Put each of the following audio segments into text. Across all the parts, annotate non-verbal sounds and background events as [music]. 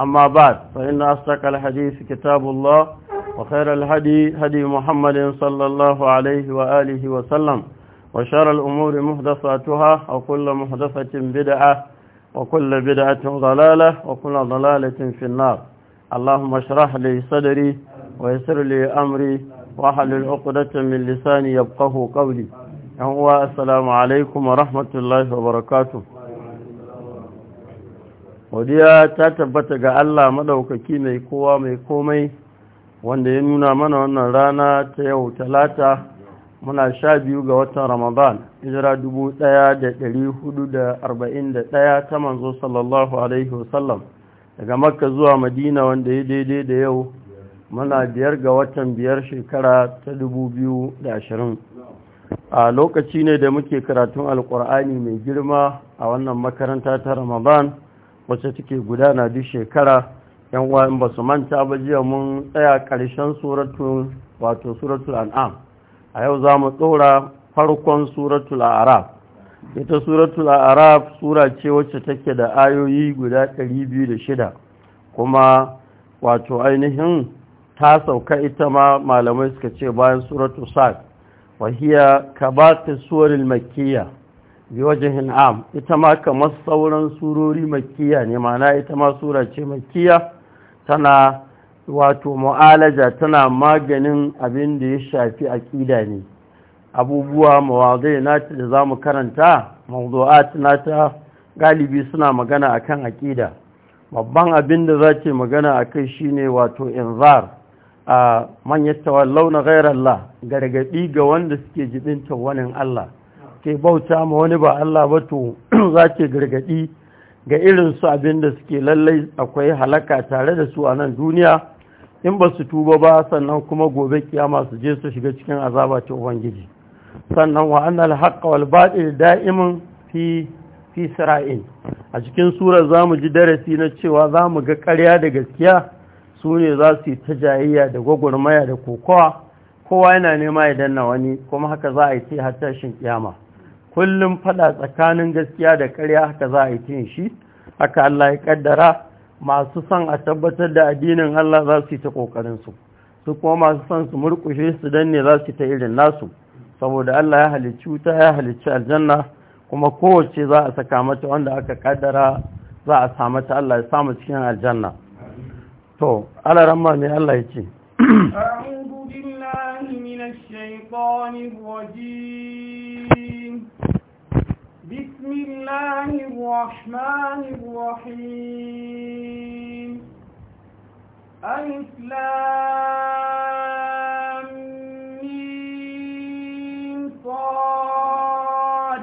أما بعد فإن أصدق الحديث كتاب الله وخير الهدي هدي محمد صلى الله عليه وآله وسلم وشر الأمور محدثاتها وكل محدثة بدعة وكل بدعة ضلالة وكل ضلالة في النار اللهم اشرح لي صدري ويسر لي أمري واحلل عقدة من لساني يبقه قولي السلام عليكم ورحمة الله وبركاته godiya ta tabbata ga Allah maɗaukaki mai kowa mai komai wanda ya nuna mana wannan rana ta yau talata muna sha biyu ga watan ramadan hijira dubu ɗaya da ɗari hudu da arba'in da ɗaya ta manzo sallallahu alaihi wasallam daga makka zuwa madina wanda ya daidai da yau muna biyar ga watan biyar shekara ta dubu biyu da ashirin a lokaci ne da muke karatun alkur'ani mai girma a wannan makaranta ta ramadan wacce take gudana duk shekara yan wayan ba su manta ba jiya mun tsaya ƙarshen suratul wato suratul an'am a yau za mu tsora farkon suratul a'arab ita suratul a'arab sura ce wacce take da ayoyi guda 206 kuma wato ainihin ta sauka ita ma malamai suka ce bayan suratul sa'ad wahiya kabatis suwar makiyya biwajihin am ita ma kamar sauran surori makiya ne mana ita ma sura ce makiya tana wato mu'alaja tana maganin abin da ya shafi aƙida ne abubuwa mawazai nata da za karanta mawdu'at nata galibi suna magana akan aƙida babban abin da za magana a kai shine wato inzar a manyan tawallau na gairar Allah gargaɗi ga wanda suke jibin tawanin Allah ke bauta ma wani ba Allah ba to [clears throat] za ke gargaɗi ga irin su abin da suke lallai akwai halaka tare da su a nan duniya in ba su tuba ba sannan kuma gobe kiyama su je su shiga cikin azaba ta ubangiji sannan wa an haqqa wal batil da'imin fi fi sira'in a cikin surar zamu ji darasi na cewa zamu ga ƙarya da gaskiya su ne za su yi ta jayayya da gwagwarmaya da kokowa kowa yana nema ya danna wani kuma haka za a yi ce har tashin kiyama kullum fada tsakanin gaskiya da ƙarya haka za a yi shi haka Allah ya kaddara masu son a tabbatar da addinin Allah za su yi ta kokarin su su kuma masu son su murkushe su danne za su ta irin nasu saboda Allah ya halicci wuta ya halicci aljanna kuma kowace za a saka mata wanda aka kaddara za a samu ta Allah ya samu cikin aljanna to ala ramma ne Allah ya ce a'udhu billahi minash shaitanir rajim بسم الله الرحمن الرحيم ألف لام صاد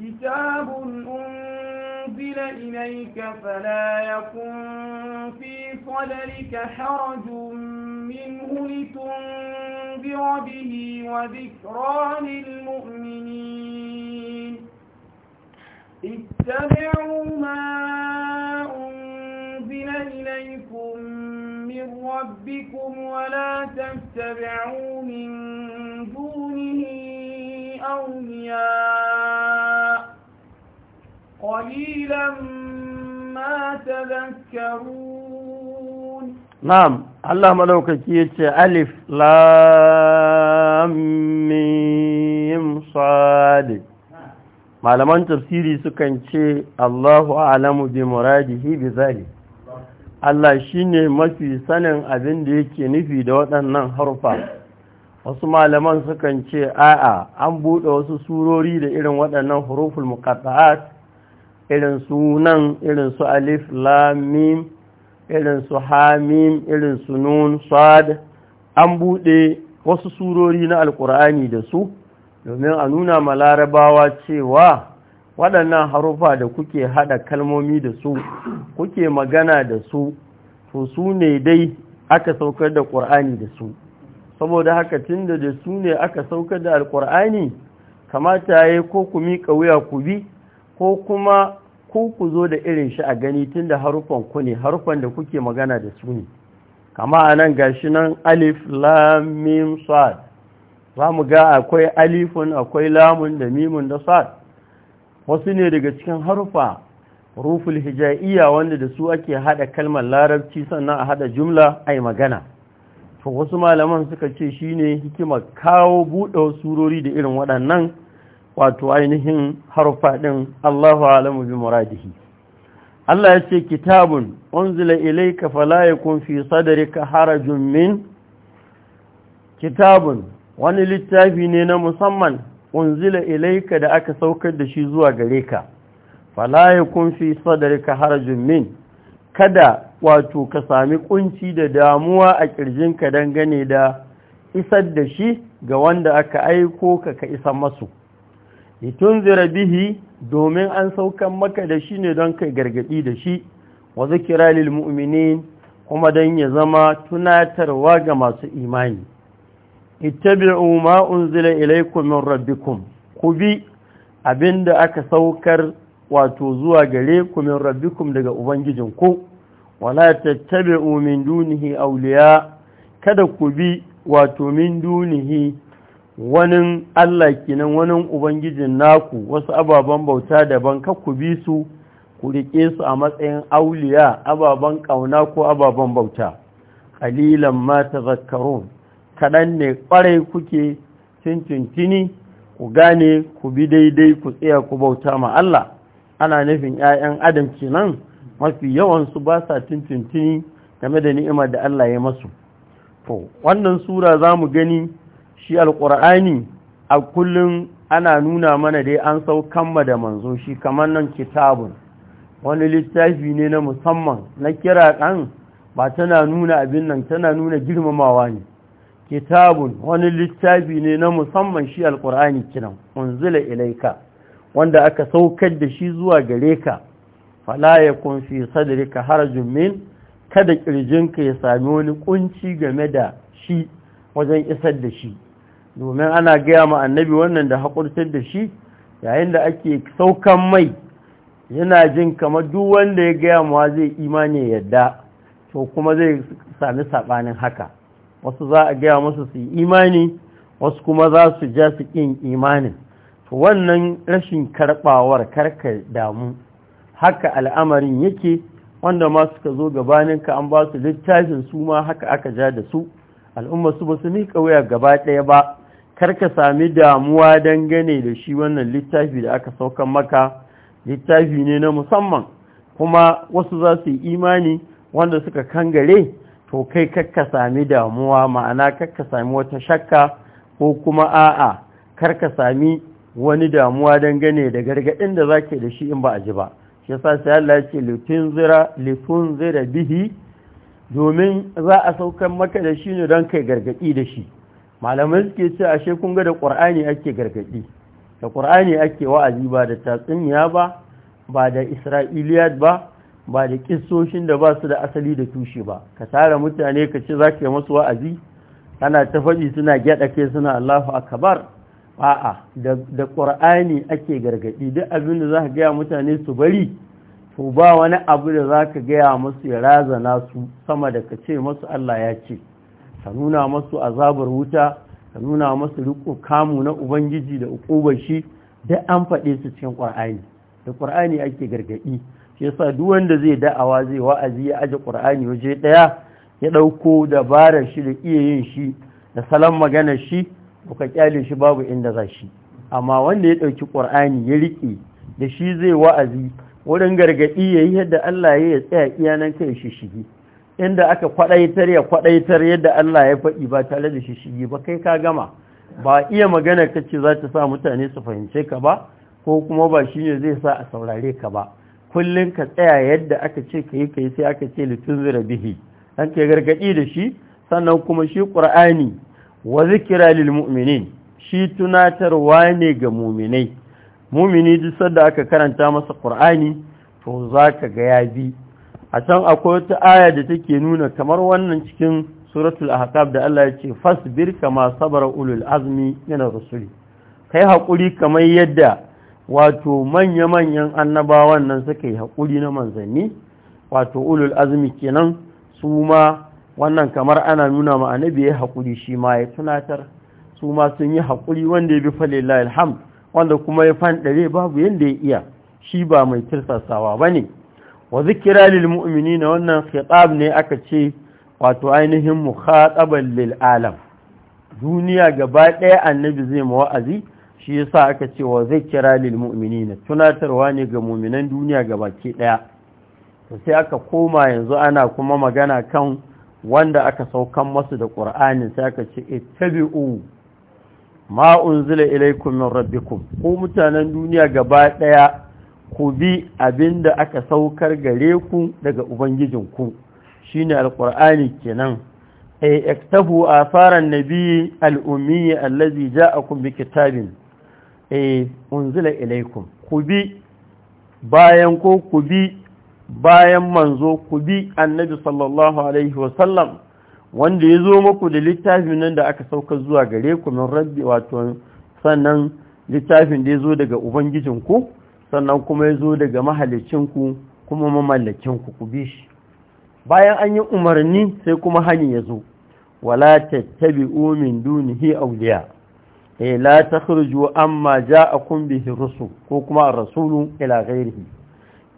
كتاب أنزل إليك فلا يكن في صدرك حرج منه لتنذر به وذكرى للمؤمنين اتبعوا ما أنزل إليكم من ربكم ولا تتبعوا من دونه أولياء قليلا ما تذكرون نعم الله لو كتبت ألف لام ميم صادق malaman tafsiri sukan ce Allahu a'lamu bi muradihi bi zali Allah shine mafi sanin abin da yake nufi da waɗannan harfa wasu malaman sukan ce a'a an buɗe wasu surori da irin waɗannan huruful muqatta'at irin su nan irin su alif lam mim irin su mim irin su nun sad an buɗe wasu surori na alkur'ani da su domin a nuna ma larabawa cewa waɗannan harufa da kuke haɗa kalmomi da su kuke magana da su to su ne dai aka saukar da ƙur'ani da su saboda haka tun da su ne aka saukar da alƙur'ani kamata ya yi ko ku miƙa wuya ku bi ko kuma ku ku zo da irin shi a gani tun da harufan ku ne harufan da kuke magana da su ne kama a nan gashi nan alif lamim sad za mu ga akwai alifun akwai lamun da mimun da sa wasu ne daga cikin harfa ruful hija'iyya wanda da su ake hada kalmar larabci sannan a hada jumla ai magana to wasu malaman suka ce shine hikimar kawo buɗe surori da irin waɗannan wato ainihin harufa ɗin Allahu alamu bi muradihi Allah ya ce kitabun unzila ilayka fala yakun fi sadrika harajun min kitabun wani littafi ne na musamman unzila ilaika da aka saukar da shi zuwa gare ka fala kun fi sadarka harajin min kada wato ka sami kunci da damuwa a kirjinka dangane da isar da shi ga wanda aka aiko ka ka isa masu zira bihi domin an saukan maka da shi ne don kai gargadi da shi wa zikira lil mu'minin kuma don ya zama tunatarwa ga masu imani ittabi'u ma unzila ilaykum min rabbikum ku abinda aka saukar wato zuwa gare ku min rabbikum daga ubangijinku wala tattabi'u min dunihi awliya kada ku bi wato min dunihi wani Allah kinan wani ubangijin naku wasu ababen bauta daban ka ku su ku rike su a matsayin auliya ababen kauna ko ababen bauta qalilan ma tazakkarun kaɗan ne ƙwarai kuke cincintini ku gane ku bi daidai ku tsaya ku bauta ma Allah ana nufin 'ya'yan adam kenan mafi yawansu ba sa cincintini game da ni'imar da Allah ya masu to wannan sura za mu gani shi alƙur'ani a kullum ana nuna mana dai an kamma da manzo shi kamar nan kitabun wani littafi ne na musamman na kira ɗan ba tana nuna abin nan tana nuna girmamawa ne kitabun wani littafi ne na musamman shi alkur'ani kinan unzila ilaika wanda aka saukar da shi zuwa gare ka fala yakun fi sadrika harajun min kada kirjinka ya sami wani kunci game da shi wajen isar da shi domin ana gaya ma annabi wannan da haƙurtar da shi yayin da ake saukan mai yana jin kamar duk wanda ya gaya ma zai imani yadda to kuma zai sami saɓanin haka wasu za a gaya masu su yi imani wasu kuma za su ja su ƙin imanin to wannan rashin karɓawar karka damu haka al'amarin yake wanda ma suka zo gabaninka an ba su littafin su ma haka aka ja da su al'umma su ba su miƙa wuya gaba ɗaya ba ka sami damuwa dangane da shi wannan littafi da aka saukan maka littafi ne na musamman kuma wasu za su yi imani wanda suka kangare to kai kakka sami damuwa ma'ana kakka sami wata shakka ko kuma a'a kar ka sami wani damuwa dangane da gargaɗin da zake da shi in ba a ji ba shi yasa sai Allah ya ce litun zira bihi domin za a saukan maka da shi ne don kai gargaɗi da shi malamai suke ce ashe kun ga da ƙur'ani ake gargaɗi da ƙur'ani ake wa'azi ba da tatsuniya ba ba da isra'iliyat ba ba da kisoshin da ba su da asali da tushe ba ka tara mutane ka ce za ka yi masu wa'azi ana ta faɗi suna gyaɗa kai suna allahu akabar? a'a da ƙwar'ani ake gargaɗi duk abin da za ka gaya mutane su bari to ba wani abu da za ka gaya masu ya razana su sama da ka ce masu allah ya ce ka nuna masu azabar wuta ka nuna masu riko kamu na ubangiji da ukubar shi duk an faɗe su cikin ƙur'ani da ƙur'ani ake gargaɗi shi yasa duk wanda zai da'awa zai wa'azi ya aje qur'ani waje daya ya dauko dabarar shi da iya yin shi da salon magana shi buka kyale shi babu inda za shi amma wanda ya ɗauki qur'ani ya rike da shi zai wa'azi wurin gargadi yayi yadda Allah ya tsaya iyanan kai shi shige inda aka kwaɗaitar ya kwaɗaitar yadda Allah ya faɗi ba tare da shi shige ba kai ka gama ba iya magana kace za ta sa mutane su fahimce ka ba ko kuma ba shine zai sa a saurare ka ba kullum ka tsaya yadda aka ce ka yi ka yi sai aka ce litin zira bihi an ke gargaɗi da shi sannan kuma shi ƙur'ani wa zikira lil mu'minin shi tunatarwa ne ga muminai mumini duk sadda aka karanta masa ƙur'ani to za ka ga ya bi a can akwai wata aya da take nuna kamar wannan cikin suratul ahqaf da Allah ya ce fasbir kama sabara ulul azmi min ar-rusuli kai hakuri kamar yadda wato manya-manyan annabawan nan suka yi haƙuri na manzanni wato ulul azumi kenan su ma wannan kamar ana nuna ma annabi ya hakuri shi ma ya tunatar su ma sun yi hakuri wanda ya bi falillahi alhamd wanda kuma ya fanɗare babu yanda ya iya shi ba mai tirsasawa ba ne wa zikira lil mu'minina wannan khitab ne aka ce wato ainihin mukhataban lil alam duniya gaba ɗaya annabi zai wa'azi. shi yasa aka ce wa kira lil mu'minina tunatarwa ne ga mu'minan duniya gabaki daya to sai aka koma yanzu ana kuma magana kan wanda aka saukan masu da qur'ani sai aka ce ittabi'u ma unzila ilaykum min rabbikum ku mutanen duniya gaba daya ku bi abinda aka saukar gare ku daga ubangijinku shine alqur'ani kenan ay eh, iktabu atharan nabiy al-ummi allazi ja'akum bi kitabin eh unzila ilaikum ku bi bayan ko ku bi bayan manzo ku bi annabi sallallahu alaihi wasallam wanda ya zo muku da littafin nan da aka sauka zuwa gare ku min rabbi wato sannan littafin da ya zo daga ubangijinku sannan kuma ya zo daga mahalicinku kuma mamallakinku ku bi shi bayan an yi umarni sai kuma hani ya zo wala tattabi'u min dunihi awliya eh la takhruju amma ja'akum bihi rusul ko kuma ar-rasulu ila ghairihi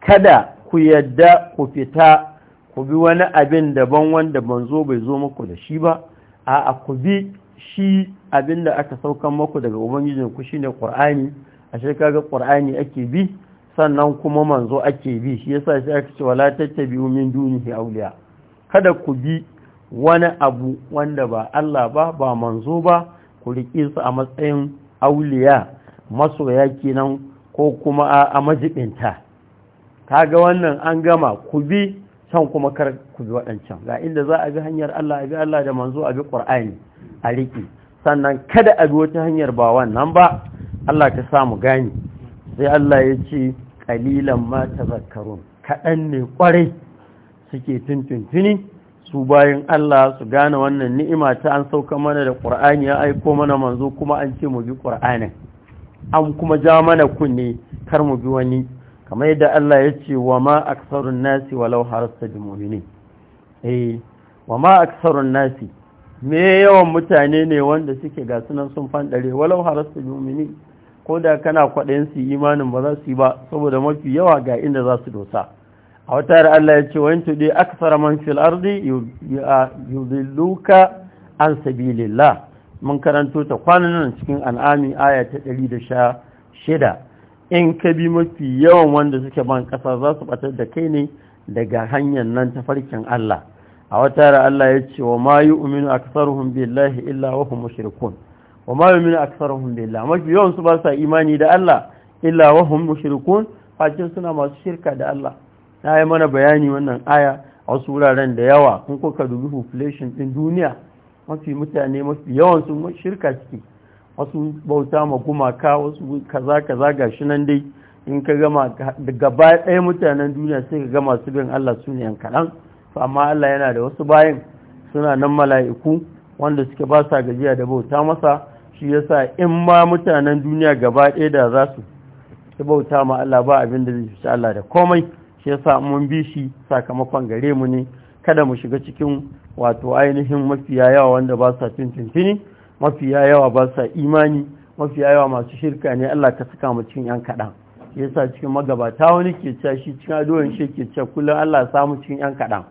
kada ku yadda ku fita ku bi wani abin daban wanda manzo bai zo muku da shi ba a ku bi shi abin da aka saukan muku daga ubangijin ku shine qur'ani ashe kaga qur'ani ake bi sannan kuma manzo ake bi shi yasa shi aka ce wala tattabi'u min dunihi awliya kada ku bi wani abu wanda ba Allah ba ba manzo ba ku riƙe su a matsayin auliya masoya kenan ko kuma a majibinta ga wannan an gama ku bi can kuma kar ku bi waɗancan ga inda za a bi hanyar Allah a bi Allah da manzo a bi ƙur'ani, a riƙe sannan kada a bi wata hanyar ba wannan ba Allah ka sa mu gani sai Allah ya ce ƙalilan ma tazakkarun kaɗan ne ƙwarai suke tuntuntuni su bayan Allah su gane wannan ni'ima ta an sauka mana da ƙur'ani ya aiko mana manzo kuma an ce mu bi ƙur'anin an kuma ja mana kunne kar mu bi wani kamar yadda Allah ya ce wa ma aksarun nasi walau harasta bi mu'mini eh wa ma aksarun nasi me yawan mutane ne wanda suke ga sunan sun fandare walau harasta bi mu'mini ko da kana kwaɗayin su imanin ba za su yi ba saboda mafi yawa ga inda za su dosa a wata yara Allah ya ce wa tuɗe dai aksara man fil ardi yudilluka an sabilillah mun karanto ta kwanan nan cikin an'ami aya ta shida in ka bi mafi yawan wanda suke ban ƙasa za su batar da kai ne daga hanyar nan ta farkin Allah a wata yara Allah ya ce wa ma yi yu'minu hun billahi illa wa hum wa ma yu'minu hun billahi mafi yawan su ba sa imani da Allah illa wa hum fakin suna masu shirka da Allah na yi mana bayani wannan aya a wasu wuraren da yawa in kuka dubi population ɗin duniya mafi mutane mafi yawan sun shirka ciki wasu bauta ma gumaka wasu kaza kaza shi nan dai in ka gama gaba ɗaya mutanen duniya sai ka gama su bin Allah su ne kaɗan amma Allah yana da wasu bayan suna nan mala'iku wanda suke ba sa gajiya da bauta masa shi yasa in ma mutanen duniya gaba ɗaya da za su bauta ma Allah ba abin da zai fi Allah da komai shi yasa mun bi shi sakamakon gare mu ne kada mu shiga cikin wato ainihin mafiya yawa wanda ba sa tuntuntuni mafiya yawa ba sa imani mafiya yawa masu shirka ne Allah ka saka mu cikin yan kaɗan yasa cikin magabata wani ke cewa shi cikin adoyin shi ke cewa kullum Allah samu cikin yan kaɗan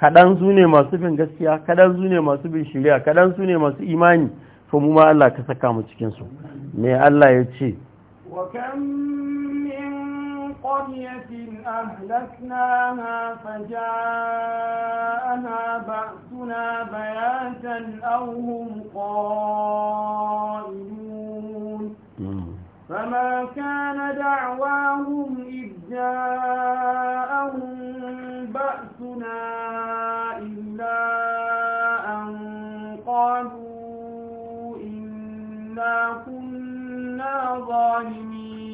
kadan su ne masu bin gaskiya kadan su ne masu bin shirya kadan su ne masu imani to mu ma Allah ka saka mu cikin su me Allah ya ce قرية أهلكناها فجاءها بأسنا بياتا أو هم قائلون فما كان دعواهم إذ جاءهم بأسنا إلا أن قالوا إنا كنا ظالمين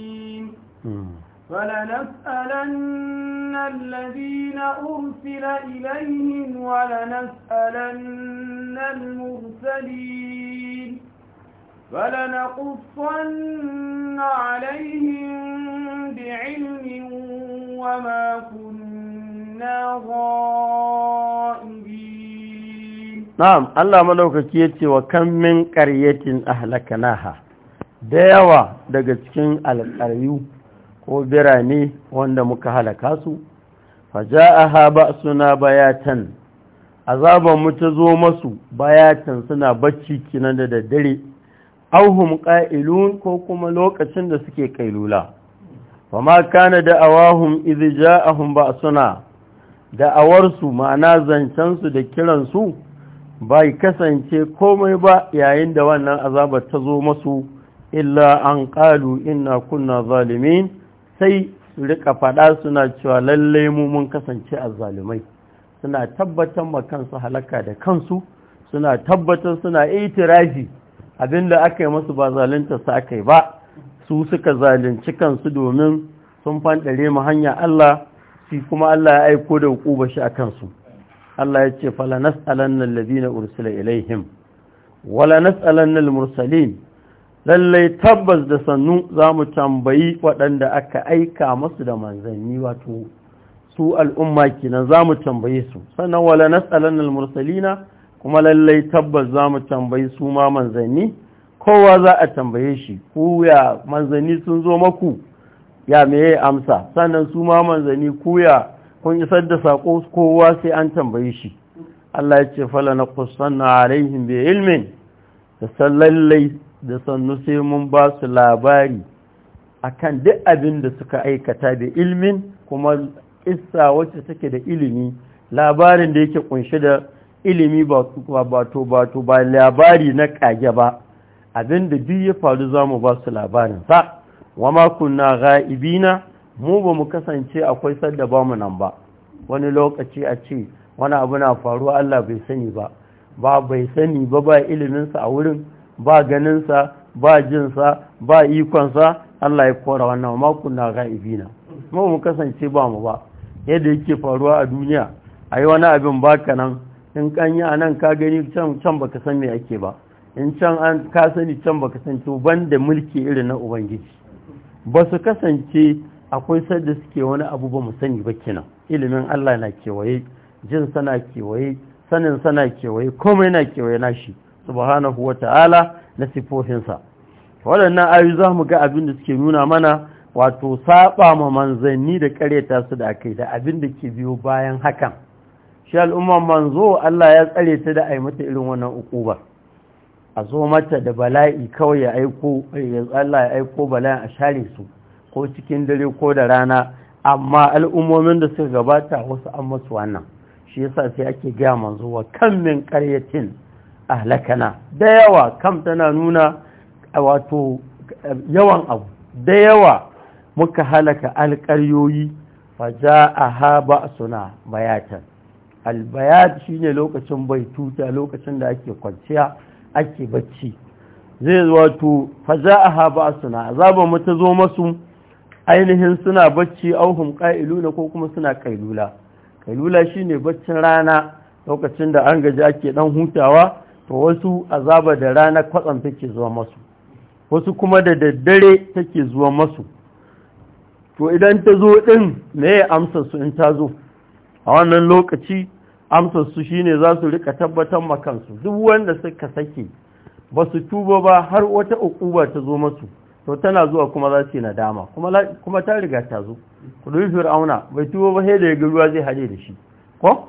فلنسألن الذين أرسل إليهم ولنسألن المرسلين فلنقصن عليهم بعلم وما كنا غائبين نعم الله ملوكك يتي وكم من قرية أهلكناها da yawa daga cikin alƙaryu ko birane wanda muka halaka su faja'aha suna bayatan azaban mu ta zo masu bayatan suna bacci kinan da daddare auhum qa'ilun ko kuma lokacin da suke kailula ma kana da'awahum idh ja'ahum ba'suna da'awarsu ma'ana su da kiransu bai kasance komai ba yayin da wannan azabar ta zo masu illa an qalu inna kunna zalimin sai su rika faɗa suna cewa lallai mu mun kasance azzalumai suna tabbatar ma kansu halaka da kansu suna tabbatar suna abin abinda aka yi musu ba zalunta su aka yi ba su suka zalunci kansu domin sun fandare mu hanya Allah shi kuma Allah ya aiko da hukuba shi a kansu Allah ya ce fala nas'alanna alladhina ursila ilaihim wala nas'alanna Mursalin. lallai tabbas da sannu za mu tambayi waɗanda aka aika masu da manzanni wato su al'umma kenan za mu tambaye su sannan wala nas'alan al-mursalina kuma lallai tabbas za mu tambayi su ma manzanni kowa za a tambaye shi ku ya manzanni sun zo maku ya meye amsa sannan su ma manzanni ku ya kun isar da sako kowa sai an tambaye shi Allah ya ce fala na kusan na alaihin bai ilmin da lallai da sannu sai mun ba su labari a kan duk abin da suka aikata da ilmin kuma isa wacce take da ilimi labarin da yake kunshe da ilimi ba bato bato ba labari na kage ba abin da duk ya faru za mu ba su labarin sa wa makunna ga'ibina mu ba mu kasance akwai sadda ba mu nan ba wani lokaci a ce wani abu na faruwa Allah bai sani ba ba bai sani ba ba iliminsa a wurin ba ganinsa ba jinsa ba ikonsa Allah ya kora wannan makon na ga'ibina mu mu kasance ba mu ba yadda yake faruwa a duniya a wani abin baka nan in kan yi a nan ka gani can baka san me ake ba in can an ka sani can baka san to banda mulki irin na ubangiji ba su kasance akwai sadda suke wani abu ba mu sani ba kenan ilimin Allah na kewaye jin sana kewaye sanin sana kewaye komai na kewaye nashi subhanahu wa ta'ala na sifofinsa waɗannan ayu za mu ga abin da suke nuna mana wato saba ma manzanni da kareta su da kai da abin da ke biyo bayan hakan shi al'umman manzo Allah ya tsare ta da ai mata irin wannan ukuba a zo mata da bala'i kawai ya aiko ya Allah ya aiko bala'i a share su ko cikin dare ko da rana amma al'ummomin da suka gabata wasu an masu wannan shi yasa sai ake gaya manzo wa kan min qaryatin ahlakana da yawa kam tana nuna wato yawan abu da yawa muka halaka alƙaryoyi fa za a haɓa suna bayatan albayat ne lokacin bai tuta lokacin da ake kwanciya ake bacci zai wato fa za ja'aha ba'suna azaba mu ta zo masu ainihin suna bacci auhum ƙailuna, ko kuma suna kailula kailula ne baccin rana lokacin da an gaji ake ɗan hutawa to wasu azaba da rana kwatsam take zuwa masu wasu kuma da daddare take zuwa masu to idan ta zo ɗin me ya amsa su in ta zo a wannan lokaci amsar su shine za su rika tabbatar makansu duk wanda suka sake ba su tuba ba har wata ukuba ta zo masu to tana zuwa kuma za su yi nadama kuma ta riga ta zo ku fir'auna bai tuba ba sai da ya ga ruwa zai hade da shi ko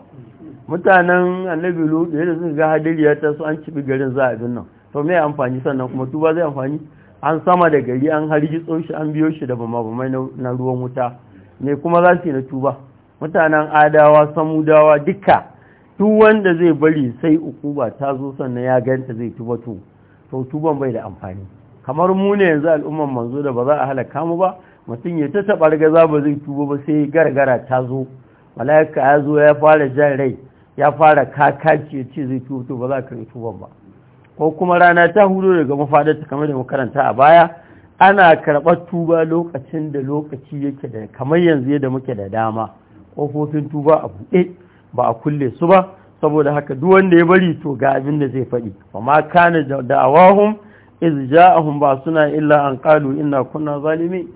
mutanen annabi lutu yadda suka ga hadiriya ta su an cibi garin za a bin nan to mai amfani sannan kuma tuba zai amfani an sama da gari an hargitso shi an biyo shi da bama bama na ruwan wuta me kuma za su yi na tuba mutanen adawa samudawa duka duk wanda zai bari sai ukuba ta zo sannan ya ganta zai tuba to to tuban bai da amfani kamar mu ne yanzu al'umman manzo da ba za a halaka mu ba mutum ya ta taɓa za ba zai tuba ba sai gargara ta zo mala'ika ya zo ya fara jan rai ya fara kakaci ya ce zai tuba ba za ka yi ba ko kuma rana ta hudu daga mafadarta kamar da makaranta a baya ana karɓar tuba lokacin da lokaci yake da kamar yanzu yadda muke da dama ƙofofin tuba a buɗe ba a kulle su ba saboda haka duk wanda ya bari to ga abin da zai faɗi fa ma kana da'awahum iz ja'ahum ba suna illa an qalu inna kunna zalimin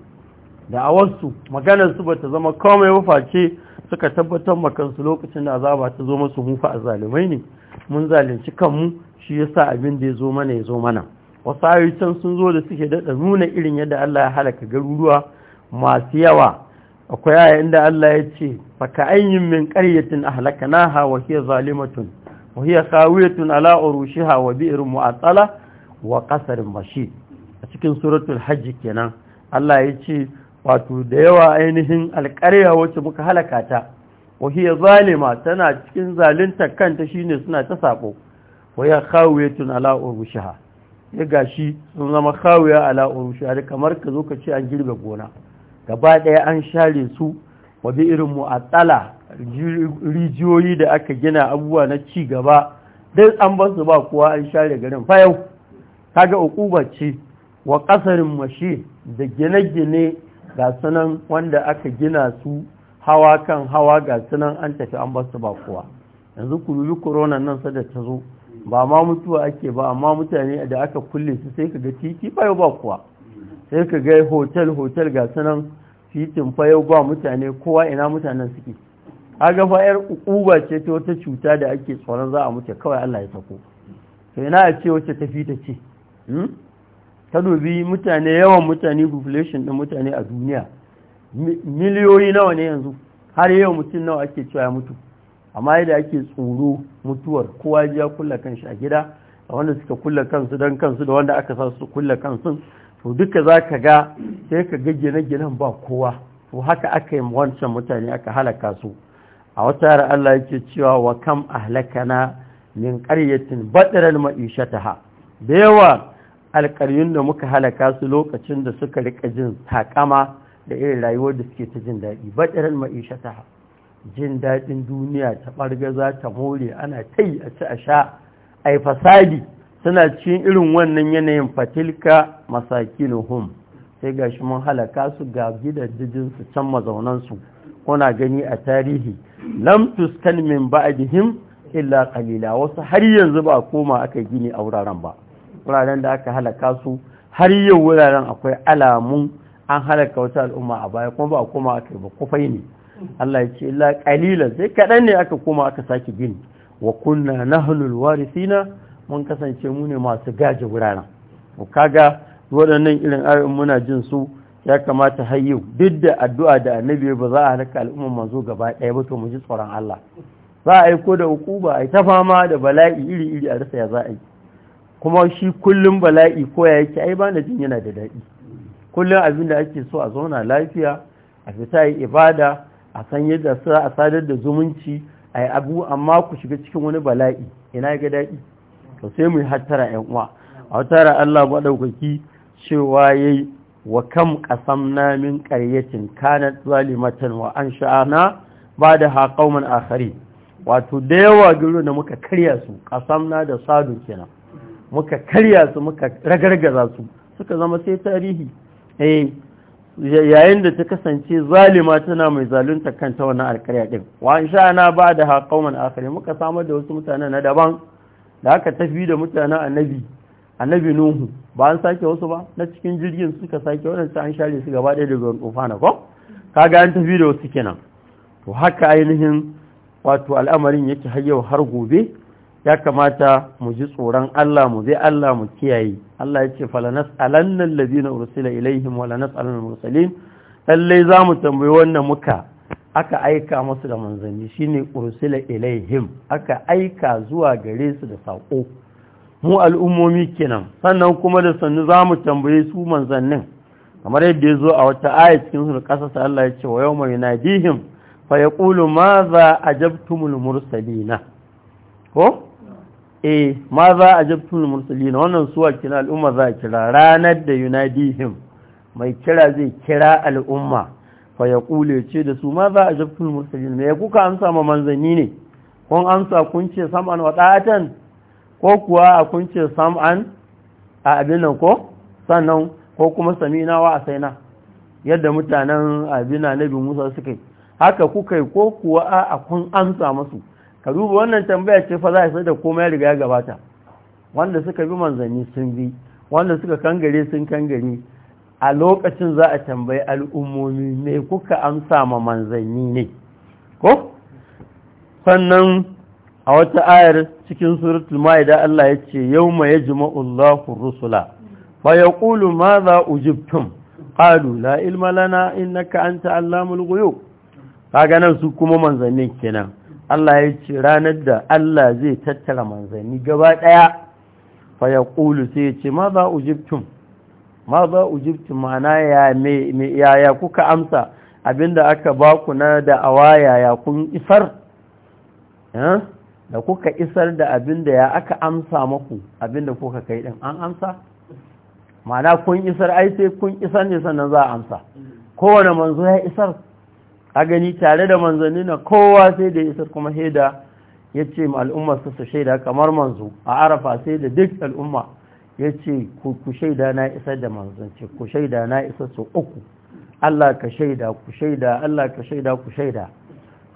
da'awarsu maganar su bata zama komai ba suka tabbatar kansu lokacin da azaba ta zo masu mufa a zalimai ne mun zalunci kanmu shi ya sa abin da ya zo mana ya zo mana wasu ayyukan sun zo da suke daɗa nuna irin yadda Allah ya halaka garuruwa masu yawa akwai yayin da Allah ya ce faka ayyin min a halaka na hawa hiya zalimatun wa hiya khawiyatun ala urushiha wa bi'run mu'atsala wa ƙasarin bashi. a cikin suratul hajji kenan Allah ya ce wato da yawa ainihin alƙarya wacce muka halaka ta wahiyar zalima tana cikin zalunta kanta shine suna ta sako waya khawiyatun ala urushiha ya gashi sun zama khawiya ala urushiha da kamar ka zo ka ce an girbe gona gaba ɗaya an share su wa bi irin mu'attala rijiyoyi da aka gina abubuwa na ci gaba dai an ba su ba kowa an share garin fayau kaga ukuba ce wa kasarin mashi da gine-gine ga sunan wanda aka gina su hawa kan hawa ga sunan an tafi an basu ba kowa yanzu ku korona nan sada ta zo ba ma mutuwa ake ba amma mutane da aka kulle su sai kaga titi ba yau ba kowa sai ka ga hotel hotel ga sunan titin fa yau ba mutane kowa ina mutanen suke aga fa yar uba ce ta wata cuta da ake tsoron za a mutu kawai Allah ya sako to ina a ce wacce tafi ta ce hmm? ta dubi mutane yawan mutane population ɗin mutane a duniya miliyoyi nawa ne yanzu har yau mutum nawa ake cewa ya mutu amma yadda ake tsoro mutuwar kowa ya kulla kanshi a gida a wanda suka kulla kansu don kansu da wanda aka sa su kulla kansu to duka za ka ga sai ka ga gine-ginen ba kowa to haka aka yi wancan mutane aka halaka su a wata yara Allah yake cewa wa kam ahlakana min qaryatin badral ma'ishataha da yawa alƙaryun da muka halaka su lokacin da suka rika jin takama da irin rayuwar da suke ta jin daɗi baɗiran ma'isha ta jin daɗin duniya ta ɓarga za ta more ana ta yi a ci a sha yi fasadi suna cikin irin wannan yanayin fatilka masakinuhum sai ga shi mun halaka su ga gidajen su can mazaunansu kuna gani a tarihi lam tuskan min ba'dihim illa qalila wasu har yanzu ba koma aka gini a wuraren ba wuraren da aka halaka su har yau wuraren akwai alamun an halaka wata al'umma a baya kuma ba a koma aka ba kufai ne Allah ya ce la qalila sai kadan ne aka koma aka saki gini wa kunna nahlul warithina mun kasance mu ne masu gaje wuraren to kaga waɗannan irin ayoyin muna jin su ya kamata har yau duk da addu'a da annabi ba za a halaka al'umma manzo gaba ɗaya ba to mu ji tsoron Allah za a aiko da hukuma ai ta fama da bala'i iri iri a rasa ya za a yi kuma shi kullum bala'i ko ya yake ai bana jin yana da daɗi kullum abin da ake so a zauna lafiya a fita yi ibada a san yadda sa, a sadar da zumunci a yi abu amma ku shiga cikin wani bala'i ina ga daɗi to sai mu yi hattara yan uwa a hattara Allah maɗaukaki cewa ya yi wa kam ƙasam na min qaryatin kanat zalimatan wa an sha'ana, bada da qauman akharin wato da yawa giro da muka karya su ƙasam na da sadu kenan muka karya su muka ragargaza su suka zama sai tarihi eh yayin da ta kasance zalima tana mai zalunta kanta wannan alkarya din wa insha na ba da ha qauman akhari muka samar da wasu mutane na daban da aka tafi da mutane annabi annabi nuhu ba an sake wasu ba na cikin jirgin suka sake wadanda an share su gaba ɗaya daga tsofana ko kaga an tafi da wasu kenan to haka ainihin wato al'amarin yake har yau har gobe ya kamata mu ji tsoron Allah mu zai Allah mu kiyaye Allah ya ce falanas alannan ladina ursila ilaihim wa lanas alannan mursalin lallai za mu tambayi wannan muka aka aika musu da manzanni shine ursila ilaihim aka aika zuwa gare su da sako mu al'ummomi kenan sannan kuma da sannu za mu tambaye su manzannin kamar yadda ya zo a wata aya cikin su da Allah ya ce wa yawma yunadihim fa yaqulu madha ajabtumul mursalina ko e ma za a jabtun mursalin wannan suwa kina al'umma za a kira ranar da yunadihim mai kira zai kira al'umma fa ya kule ce da su ma za a jabtun mursalin ya kuka amsa ma manzanni ne kun amsa kun ce sam'an wa da'atan ko kuwa a kun ce sam'an a abin ko sannan ko kuma samina wa asaina yadda mutanen abin na nabi Musa suka yi haka kuka yi ko kuwa a kun amsa masu ka duba wannan tambaya ce fa za a sai da komai riga ya gabata wanda suka bi manzanni sun bi wanda suka kangare sun kangare a lokacin za a tambayi al'ummomi ne kuka amsa ma manzanni ne ko sannan a wata ayar cikin suratul ma'ida Allah ya ce yawma yajma'u Allahu rusula fa yaqulu madha ujibtum qalu la ilma lana innaka anta allamul ghuyub kaga nan su kuma manzannin kenan Allah ya ce ranar da Allah zai tattara manzanni gaba ɗaya fa ya ƙulu sai ya ce ma za ujibtum ma za ujibtum mana yaya kuka amsa abinda aka baku na da awa yaya kun isar da kuka isar da abinda ya aka amsa maku abinda kuka kai ɗin an amsa mana kun isar ai sai kun isar ne sannan za a amsa kowane manzo ya isar a gani tare da manzanni na kowa sai da isar kuma shaida ya ce ma al'umma su su shaida kamar manzo a arafa sai da duk al'umma ya ce ku shaida na isar da manzanci ku shaida na isar su uku Allah ka shaida ku shaida Allah ka shaida ku shaida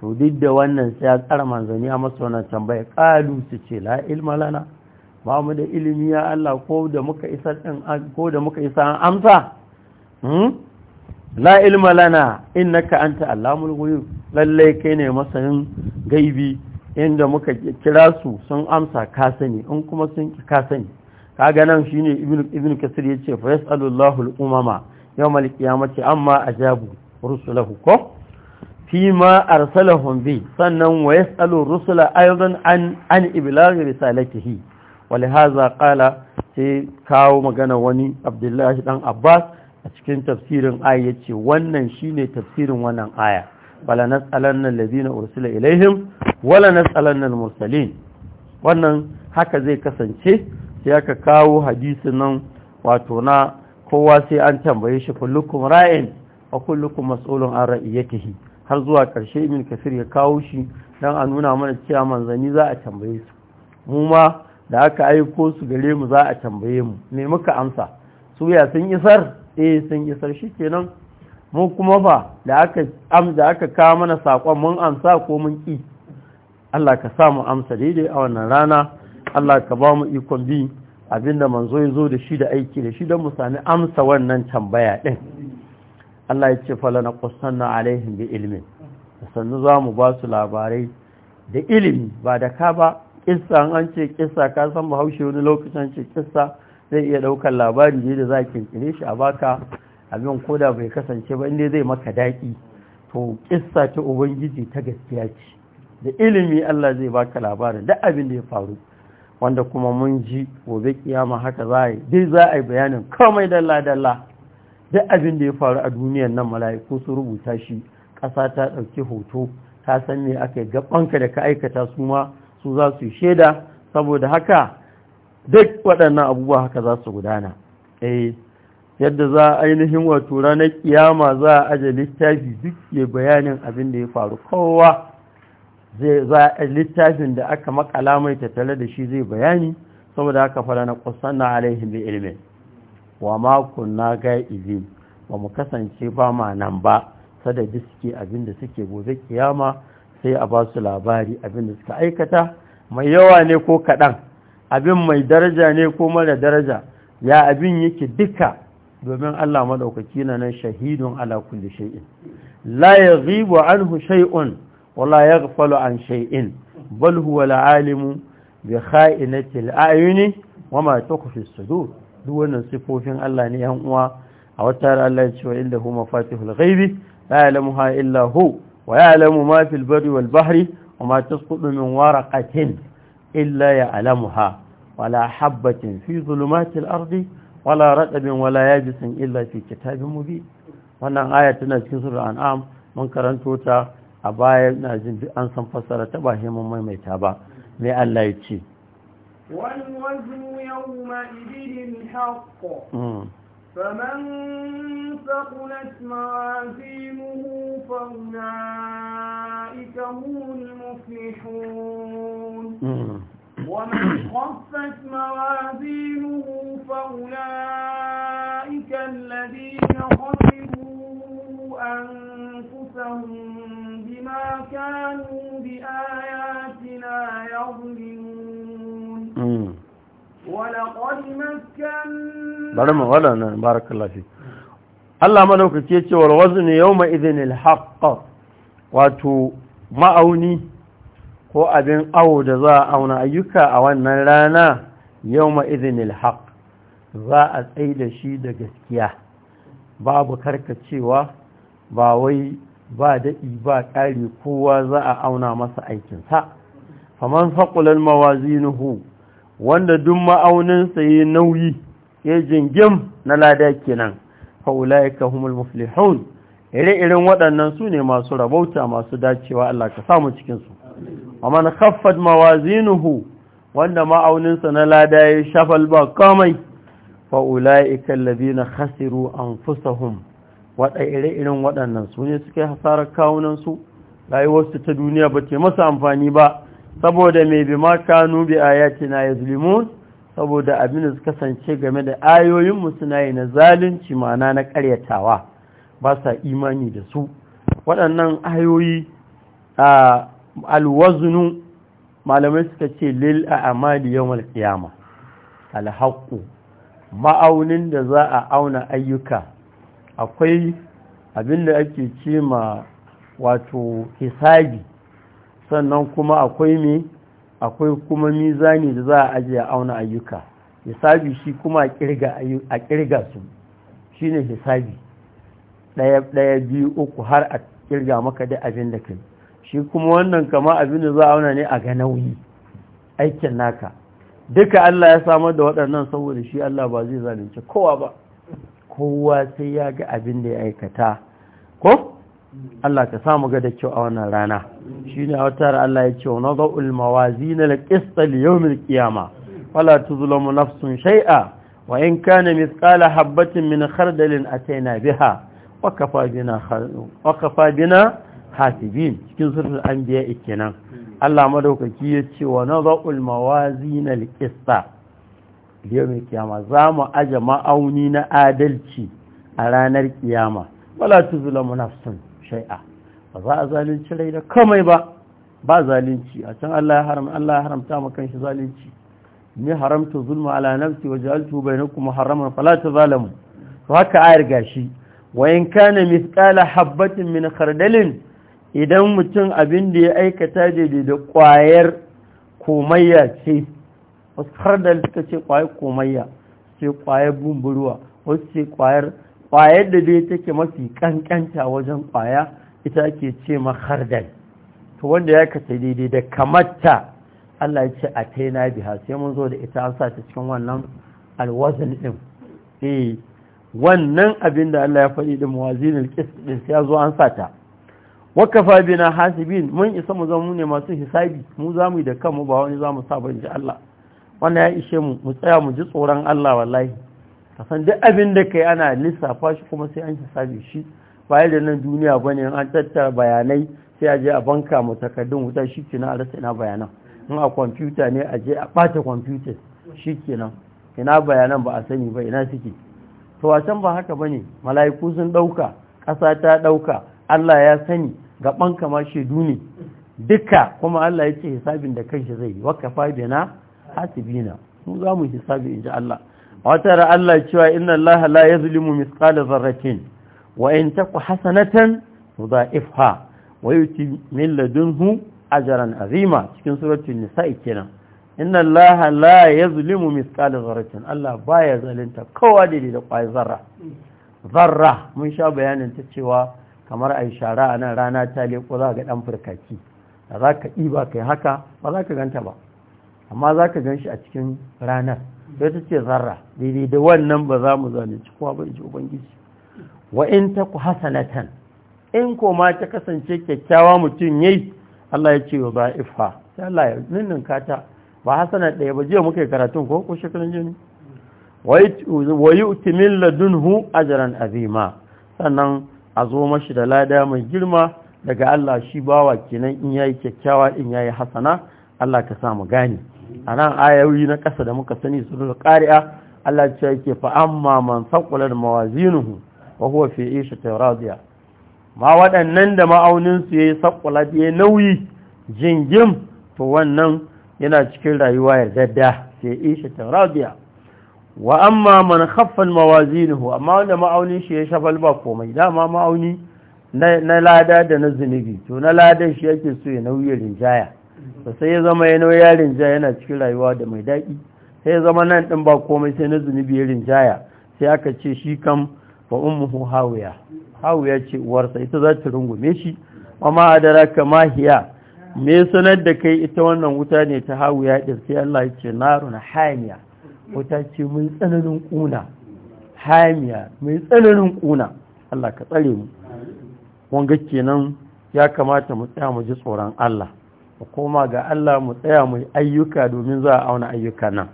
to duk da wannan sai ya tsara manzanni a masa wannan tambaya kalu su ce la ilma lana ba mu da ilimi ya Allah ko da muka isa an amsa hmm? la ilma lana innaka anta allamul ghuyub lalle kai ne masanin gaibi inda muka kira su sun amsa ka sani in kuma sun ka sani kaga nan shine ibn ibnu kasir yace fa yasalullahu al-umama ya qiyamati amma ajabu rusulahu ko fima arsalahum bi sannan wa yasalu rusula aidan an an iblaghi risalatihi walahaza qala sai kawo magana wani abdullahi dan abbas a cikin tafsirin aya ce wannan shi ne tafsirin wannan aya wala nan lazina ursula ilaihim wala nas'alanna nan mursalin wannan haka zai kasance sai aka kawo hadisi nan wato na kowa sai an tambaye shi kullukum ra'in wa kullukum mas'ulun an ra'iyatihi har zuwa karshe ibn kasir ya kawo shi dan a nuna mana cewa manzanni za a tambaye su mu ma da aka aiko su gare mu za a tambaye mu me muka amsa su ya sun isar eh sun isar shi kenan mu kuma ba da aka amsa aka kawo mana sakon mun amsa ko mun ki Allah ka sa mu amsa daidai a wannan rana Allah ka ba mu ikon bi abinda manzo ya zo da shi da aiki da shi don mu sami amsa wannan tambaya din Allah ya ce falana qassanna alaihim bi ilmi sannu za mu ba su labarai da ilimi ba da ka ba kissa an ce kissa ka san bahaushe wani lokacin ce kissa zai iya ɗaukar labarin ne da za a kirkire shi a baka abin koda bai kasance ba inda zai maka daƙi to kissa ta ubangiji ta gaskiya ce da ilimi Allah zai baka labarin da abin da ya faru wanda kuma mun ji gobe kiyama haka za a yi dai za a yi bayanin komai dalla dalla da abin da ya faru a duniyar nan mala'iku su rubuta shi ƙasa ta ɗauki hoto ta san me aka yi gaɓanka da ka aikata su ma su za su shaida saboda haka duk waɗannan abubuwa haka za su gudana eh yadda za a ainihin wato ranar kiyama za a aje littafi duk ya bayanin abin da ya faru kowa za a littafin da aka makala mai tattale da shi zai bayani saboda haka fara na na alaihin bi ilmin wa ma kunna ga'ibin ba mu kasance ba ma nan ba sada da suke abin da suke gobe kiyama sai a ba su labari abin da suka aikata mai yawa ne ko kaɗan abin mai daraja ne ko mara daraja ya abin yake duka domin Allah maɗaukaki na nan shahidun ala kulli shay'in la an anhu shay'un wala falo an shay'in bal huwa alimu bi kha'inati ayuni wama tukhfi as-sudur duk wannan sifofin Allah ne yan uwa a wata Allah ya ce wa inda hu mafatihul ghaibi la ha illa hu wa ya'lamu ma fil barri wal bahri wa ma tasqutu min waraqatin illa ya'lamuha wala habbatin fi zulumatil ardi wala ratabin wala yajisin illa fi kitabin mubin wannan aya tana cikin sura an'am mun karanto ta a baya na jin an san fassara ta ba mun maimaita ba mai Allah ya ce والوزن يومئذ الحق فمن ثقلت موازينه فأولئك هم المفلحون ومن خفت موازينه فأولئك الذين خسروا أنفسهم بما كانوا بآياتنا يظلمون ولقد مكن بارك الله بارك الله فيك الله madaukake ce والوزن يومئذ الحق idhinil ما أوني ko abin awo da za a auna ayyuka a wannan rana yau ma'izinil haq za a tsaye da shi da gaskiya babu karkacewa ba wai ba daɗi ba ƙari kowa za a auna masa aikinsa faman faƙulan mawazinuhu wanda duk ma'auninsa ya nauyi ya jingim na lada kenan ka humul muflihun ire-iren waɗannan su ne masu rabauta masu dacewa Allah ka samu cikinsu wa man khaffat mawazinuhu wanda ma'auninsa na lada ya shafal ba kamai fa ulaika alladhina khasiru anfusahum wada ire irin waɗannan su ne suke hasarar kawunan su rayuwarsu ta duniya ba ce masa amfani ba saboda mai bi ma kanu bi na yuzlimun saboda abin da kasance game da ayoyin musunayi na zalunci ma'ana na karyatawa ba sa imani da su waɗannan ayoyi a alwaznu malamai suka ce lil a'mali yawmal qiyama alhaqqu ma'aunin da za a auna ayyuka akwai abinda ake ce ma wato hisabi sannan kuma akwai me akwai kuma mizani da za a ajiye auna ayyuka hisabi shi kuma a kirga su shine hisabi ɗaya biyu uku har a kirga maka da abin da kai shi kuma wannan kama abin da za a wuna ne a ga nauyi aikin naka duka Allah ya samar da waɗannan saboda shi Allah ba zai zalunci kowa ba kowa sai ya ga abin da ya aikata ko Allah ka samu ga da kyau a wannan rana shi ne a wata Allah ya ce wani ga ulmawa zina da li yawm al Wala wala tuzlamu nafsun shai'a. wa in kana miskala habbatin min khardalin ataina biha wa kafa bina wa kafa bina hasibin cikin an anbiya kenan Allah madaukaki ya ce wa nadhul mawazin al-qista liyawmin kiyama za mu aje ma'auni na adalci a ranar kiyama wala tuzlamu nafsun shay'a ba za a zalunci rai da kamai ba ba zalunci a can Allah ya haramta Allah ya haramta maka kanshi zalunci ni haramta zulma ala nafsi wa ja'altu bainakum haraman fala tuzlamu to haka ayar gashi wa in kana mithqala habatin min khardalin idan mutum abin da ya aikata daidai da ƙwayar komayya ce wasu har da suka ce ƙwayar komayya ce ƙwayar bumburuwa wasu ce ƙwayar ƙwayar da dai take mafi ƙanƙanta wajen ƙwaya ita ake ce ma hardal to wanda ya kace daidai da kamata Allah ya ce a na biya sai mun zo da ita an sa ta cikin wannan alwazin ɗin eh, wannan abin da Allah ya faɗi da mawazinin ƙis ɗin sai ya zo an sa ta wakafa bina hasibin mun isa mu zama mu ne masu hisabi mu za mu yi da kanmu ba wani za mu sa ba ji Allah wannan ya ishe mu mu tsaya mu ji tsoron Allah wallahi ka san duk abin da kai ana lissafa shi kuma sai an hisabi shi ba da nan duniya bane an tattara bayanai sai a je a banka mu takardun wuta shi ke a rasa ina bayanan in a kwamfuta ne a je a ɓata kwamfuta nan, ina bayanan ba a sani ba ina suke to a can ba haka bane mala'iku sun ɗauka ƙasa ta ɗauka Allah ya sani gaban kama shaidu ne duka kuma Allah ya ce hisabin da kanshi zai yi fabe bina hasibina mu za mu hisabi inji Allah wata ra Allah cewa inna Allah la yazlimu mithqala dharratin wa in taku hasanatan yudha'ifha wa yuti min ladunhu ajran azima cikin suratul nisa'i kenan inna Allah la yazlimu mithqala dharratin Allah baya zalunta kowa da da kwai zarra zarra mun sha bayanin ta cewa kamar a shara a nan rana ta leko za ga ɗan furkaki da za ka ɗiba kai haka ba za ka ganta ba amma za ka gan shi a cikin ranar da ta ce zarra daidai da wannan ba za mu zalunci kowa ba ji ubangiji wa in ta ku hasanatan in ko ma ta kasance kyakkyawa mutum yayi Allah ya ce wa ba ifa sai Allah ya kata ba hasana ɗaya ba jiya muka yi karatun ko ko shekarun jini wa yi utimin ladunhu ajiran azima sannan a zo mashi da lada mai girma daga Allah shi bawa kenan in yayi kyakkyawa in yayi hasana Allah ka sa mu gane anan ayoyi na ƙasa da muka sani suratul qari'a Allah ce yake fa amma man saqulal mawazinuhu wa huwa fi ishati radiya ma waɗannan da ma'aunin su yayi da yayi nauyi jingim to wannan yana cikin rayuwa yardadda sai ishati radiya wa amma man khaffan mawazinuhu amma wanda ma'aunin shi ya shafal ba komai dama ma'auni na lada da na zunubi to na ladan shi yake so ya nauyi rinjaya to sai ya zama ya nauyi rinjaya yana cikin rayuwa da mai daɗi sai ya zama nan din ba komai sai na zunubi ya rinjaya sai aka ce shi kam fa ummuhu hawiya hawiya ce uwarsa ita za ta rungume shi amma adaraka mahiya me sanar da kai ita wannan wuta ne ta hawiya din sai Allah ya ce na hamiya Wata ce mai tsananin ƙuna hamiya mai tsananin ƙuna Allah ka tsare mu wanga kenan ya kamata mu tsaya mu ji tsoron Allah mu koma ga Allah mu tsaya mu ayyuka domin za a auna ayyuka nan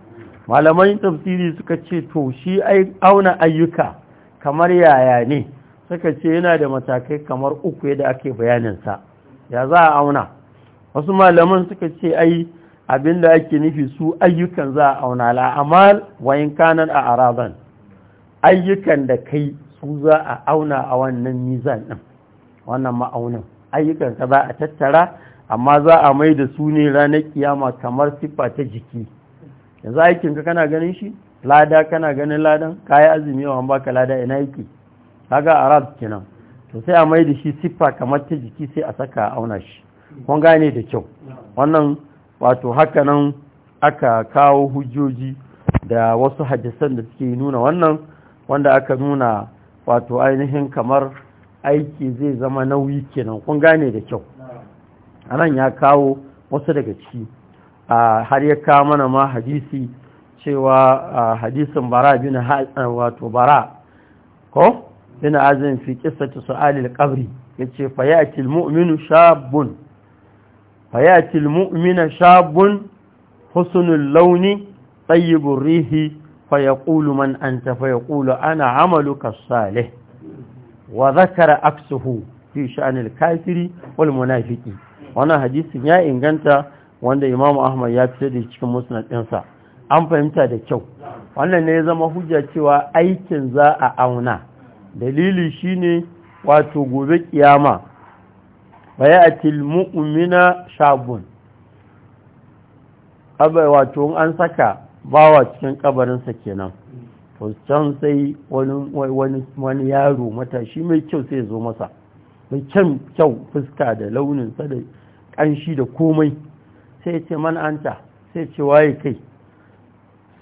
malamai tafsiri suka ce to shi auna ayyuka kamar yaya ne suka ce yana da matakai kamar uku da ake sa ya za a auna wasu malaman suka ce ai abinda ake nufi su ayyukan za a auna la'amal wayin kanan a araban ayyukan da kai su za a auna a wannan mizan ɗin wannan ma'aunin ayyukan ka za a tattara amma za a mai da su ne ranar kiyama kamar siffa ta jiki yanzu aikin ka kana ganin shi lada kana ganin ladan kayi azumi wa baka lada ina yake kaga arab kenan to sai a mai da shi siffa kamar ta jiki sai a saka a auna shi kun gane da kyau wannan wato hakanan aka kawo hujjoji da wasu hadisan da suke nuna wannan wanda aka nuna wato ainihin kamar aiki zai zama nauyi kenan kun gane da kyau anan ya kawo wasu daga ciki har ya kawo mana ma hadisi cewa hadisin bara bin wato bara ko bin azin fi qissati su'alil qabri yace fa ya'til mu'minu shabun fayatil mu'mina shabun husnul launi tayyibur rihi fayaqulu man anta fayaqulu ana amaluka salih wa zakara aksuhu fi sha'anil kafiri wal munafiqi wannan hadisin ya inganta wanda Imam Ahmad ya fitar da cikin musnad ɗinsa an fahimta da kyau wannan ne ya zama hujja cewa aikin za a auna dalili shine wato gobe kiyama wa a mu'mina shabun abai wato an saka bawa cikin kabarinsa kenan to can sai wani yaro matashi mai kyau sai zo masa mai kyan kyau fuska da launinsa da ƙanshi da komai sai ce man anta sai ce waye kai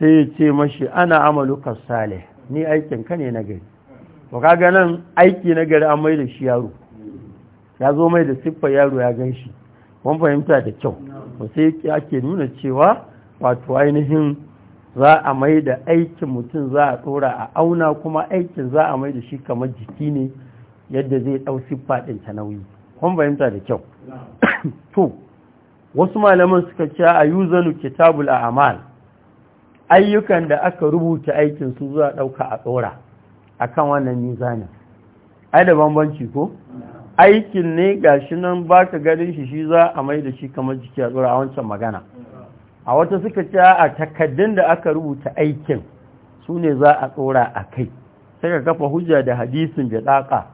sai ya ce mashi ana amaluka salih ni aikin ka ne na gari to kaga nan aiki na gari an mai da shi yaro ya zo mai da siffar yaro ya gan shi wan fahimta da kyau sai ake nuna cewa wato ainihin za a mai da aikin mutum za a tsora a auna kuma aikin za a mai da shi kamar jiki ne yadda zai ɗau siffa din ta nauyi wan fahimta da kyau [coughs] to wasu malaman suka ce a yuzanu kitabul a'mal ayyukan da aka rubuta aikin su zuwa ɗauka a tsora akan wannan mizanin ai da bambanci ko aikin ne gashi nan baka ganin shi shi za a mai da shi kamar jiki a tsura a wancan magana a wata suka ce a takaddun da aka rubuta aikin su ne za a tsora a kai sai ka kafa hujja da hadisin bidaka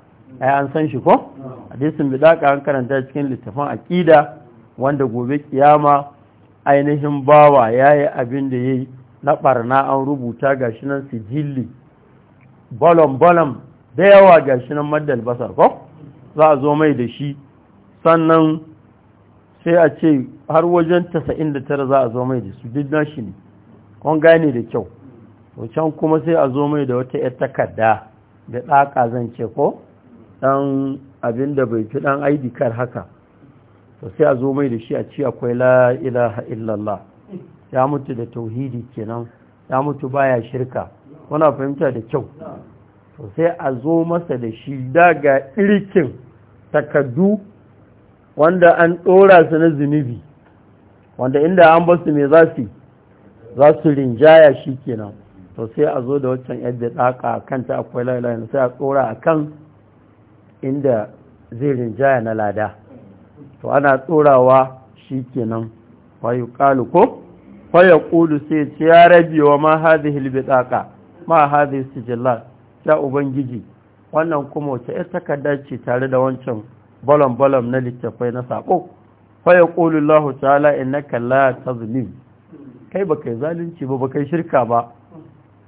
ai an san shi ko hadisin bidaka an karanta cikin littafin aqida wanda gobe kiyama ainihin bawa yayi abin da yayi na barna an rubuta gashi nan sijilli bolom bolom da yawa gashi nan maddal basar ko za a zo mai da shi sannan sai a ce har wajen 99 za a zo mai da su duk nashi ne Kwan gane da kyau can kuma sai a zo mai da wata 'yar takarda da ɗaka zan ce ko ɗan abin da bai fi ɗan aidikar haka to sai a zo mai da shi a ci akwai la'ilaha illallah ya mutu da tauhidi kenan ya mutu baya shirka wana fahimta da kyau to sai a zo masa da shi daga irkin takaddu wanda an ɗora su na zunubi wanda inda an basu mai za su za su rinjaya shi kenan to sai a zo da waccan yadda ɗaka a kanta akwai layi sai a ɗora a kan inda zai rinjaya na lada to ana ɗorawa shi kenan wayu ƙalu ko waya ƙulu sai ce ya rabi wa ma hadhihi albitaqa ma hadhihi sijillat ta ubangiji wannan kuma wace ‘yar takarda ce tare da wancan bolon-bolon na littafai na saƙo faya ƙolullahu ta'ala in na kalla ta zulim kai ba kai zalunci ba ba kai shirka ba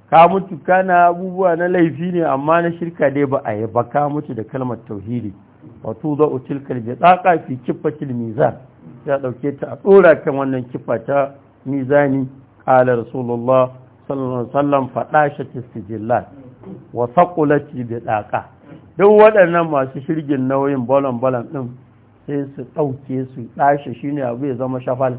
ka mutu kana abubuwa na laifi ne amma na shirka dai ba a yi ba ka mutu da kalmar tauhidi wato za a tilkar bai tsaka fi kifatil mizan ya ɗauke ta a ɗora kan wannan kifa ta mizani ƙalar rasulullah sallallahu alaihi wasallam faɗa shi wa saƙulati da ɗaƙa duk waɗannan masu shirgin nauyin bolon-bolon ɗin sai su ɗauke su ɗashe shine abu ya zama shafal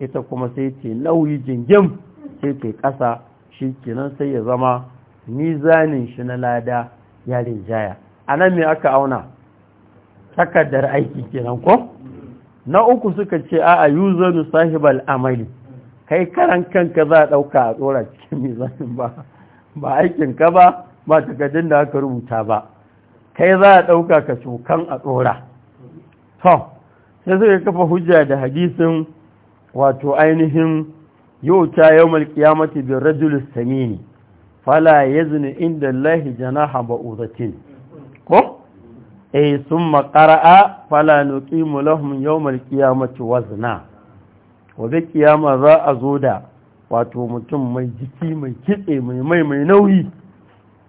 ita kuma sai ce nauyi jingim sai ke ƙasa shi kinan sai ya zama nizanin shi na lada ya rinjaya a nan mai aka auna takardar aiki kenan ko na uku suka ce a a yuzanu sahibal amali kai karan kanka za a ɗauka a tsora cikin nizanin ba ba aikin ka ba ba takardun da aka rubuta ba kai za a ɗauka ka cokan a ɗora to sai suka kafa hujja da hadisin wato ainihin yau ta yau kiyamati bin rajulus samini fala ya inda lahi janaha uzatin ko eh sun maƙara'a. fala nuƙi mulahun yau kiyamati wazna wadda kiyama za a zo da wato mutum mai jiki mai kitse mai mai mai nauyi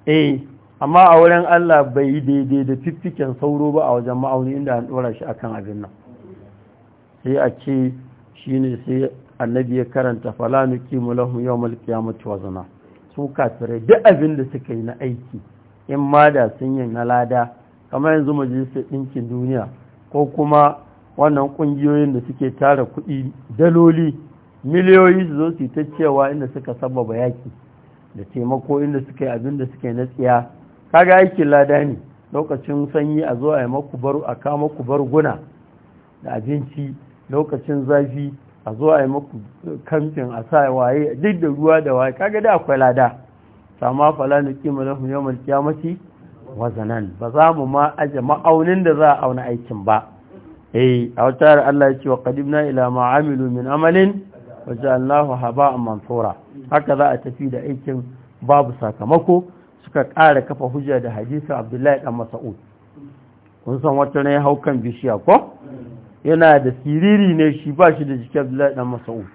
eh amma a wurin Allah bai yi daidai da fiffiken sauro ba a wajen ma'auni inda an dora shi akan abin nan sai a ce shine sai annabi ya karanta falanu nuqimu lahum yawmal qiyamati wazna su kafirai duk abin da suka yi na aiki in ma da sun yi na lada kamar yanzu majalisar ɗinkin duniya ko kuma wannan ƙungiyoyin da suke tara kuɗi daloli miliyoyi su zo su ta cewa inda suka sababa yaki da taimako inda suka yi abin da suka na tsiya kaga aikin lada ne lokacin sanyi a zo a yi makubar a kawo makubar guna da abinci lokacin zafi a zo a yi maku kamfin a sa waye duk da ruwa da waye kaga da akwai lada sama fala na kima na hunyar malkiyamaci wazanan ba za mu ma aje ma'aunin da za a auna aikin ba eh a wata Allah ya ce wa qadimna ila ma'amilu min amalin waje'allahu haba'an mansura haka za a tafi da aikin babu sakamako suka ƙara kafa hujja da hadisi abdullahi dan mas'ud kun san wata ne haukan bishiya ko yana da siriri ne shi ba shi da jikin abdullahi dan mas'ud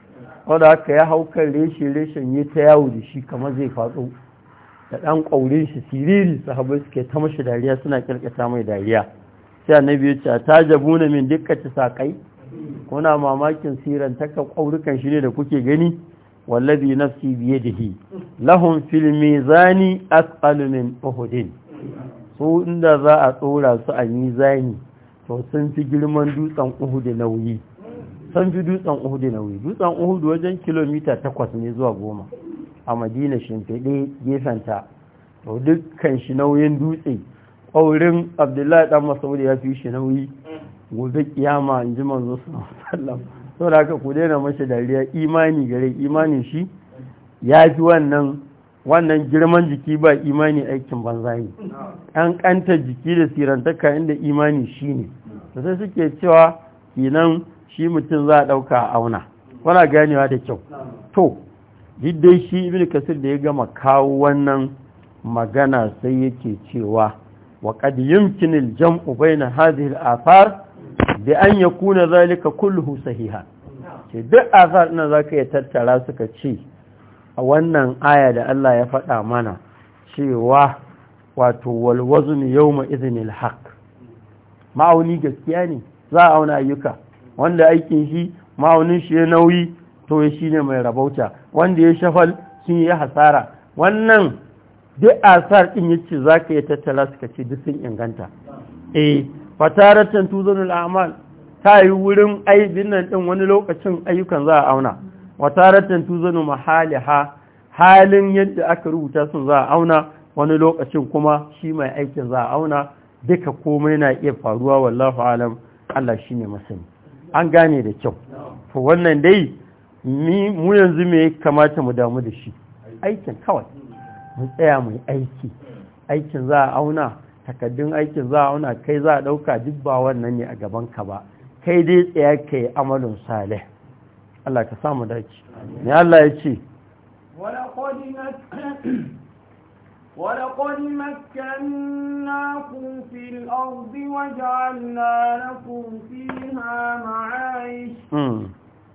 wanda haka ya haukan kan reshe reshen ya ta yawo da shi kamar zai fatso da dan ƙaurin shi siriri sahabai suke ta mashi dariya suna kirkita mai dariya sai annabi ya ce ta jabuna min dukkan sakai kuna mamakin siran taka ƙaurukan shi ne da kuke gani wallazi nafsi biyadihi lahum fil mizani asqalu min uhudin su inda za a tsora su a mizani to sun fi girman dutsen uhud nauyi sun fi dutsen uhud nauyi dutsen uhud wajen kilomita 8 ne zuwa 10 a madina gefen ta to dukkan shi nauyin dutse aurin abdullahi dan masaudi ya fi shi nauyi gobe kiyama in ji manzo sallam da haka ku daina mashi dariya imani gare imani shi ya fi wannan girman jiki ba imani aikin banza ne ƙanta jiki da sirantaka inda imani shi ne sai suke cewa kinan shi mutum za a ɗauka a auna wana ganewa da kyau to dai shi ibn kasir da ya gama kawo wannan magana sai yake cewa wa qad yumkinu al-jam'u bayna hadhihi al-athar bi an yakuna zalika kulluhu sahiha ce duk azar na zaka ya tattara suka ce a wannan aya da Allah ya faɗa mana cewa wato wal wazn yawma iznil haqq ma'auni gaskiya ne za a auna ayyuka wanda aikin shi ma'aunin shi ya nauyi to shi ne mai rabauta wanda ya shafal sun yi hasara wannan duk asar ɗin yace ce za ka suka ce duk sun inganta eh fataratan tuzanul a'mal ta yi wurin aibin nan din wani lokacin ayyukan za a auna wataratan tuzanu mahaliha halin yadda aka rubuta sun za a auna wani lokacin kuma shi mai aikin za a auna duka komai na iya faruwa wallahu alam Allah shine masani an gane da kyau to wannan dai ni mu yanzu me kamata mu damu da shi aikin kawai mu tsaya mu aiki aikin za a auna takaddun aikin za a wuna kai za a ɗauka duk ba wannan ne a gaban ka ba kai dai tsaye ka yi amalin sale. Allah ka samu daki ne Allah ya ce wadda kodi makanna kunfi al'adu wajen na, kun fi ha ma'aish